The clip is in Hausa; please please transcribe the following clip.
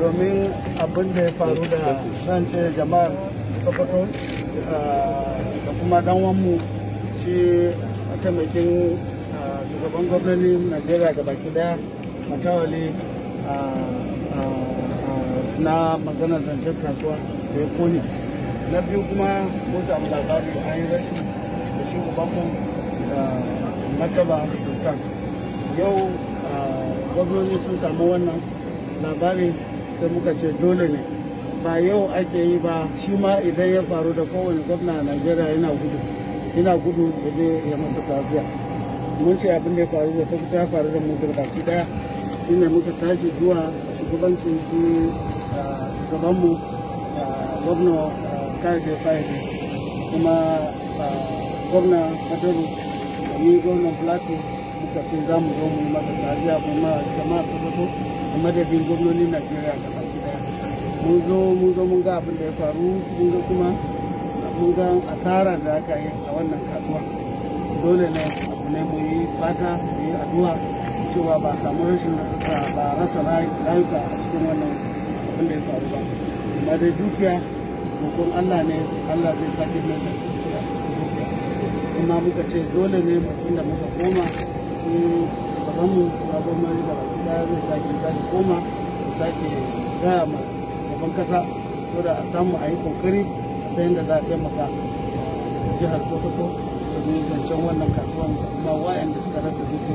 domin abin da ya faru da zance ce jama'ar sokoto ah, da kuma danwanmu shi mataimakin ah, shugaban gwamnanin najeriya ga baki daya matawali ah, na maganar zancen kasuwa da ya kone na biyu kuma mun da labari an yi rashin da shi ubanmu martaba sultan yau gwamnoni sun samu wannan labari sai muka ce dole ne ba yau ake yi ba shi ma idan ya faru da kowane gwamna a najeriya yana gudu yana gudu da zai ya masa tafiya mun ce abin da ya faru da sai ya faru da mutum baki daya shine muka tashi zuwa shugabancin shi gabanmu gwamna karfe fahimta kuma gwamna kadaru da ni gwamna plateau muka ce za mu zo mu yi masa tafiya kuma jama'a ta zato madadin gwamnonin najeriya da baki daya mun zo mun zo mun ga abin da ya faru mun zo kuma mun ga asara da aka yi a wannan kasuwa dole ne abu ne mu yi fata mu yi addu'a cewa ba samu rashin ba rasa rayuka a cikin wannan abin da ya faru ba amma dai dukiya roƙon allah ne allah zai sake mai da dukiya kuma muka ce dole ne inda muka koma sai babanmu babban ta zai sake sake koma da sake gaya ma gaban kasa so da a samu a yi kokari a sayan da za a taimaka jihar sokoto domin zancen wannan kasuwan da wayan da suka rasa duka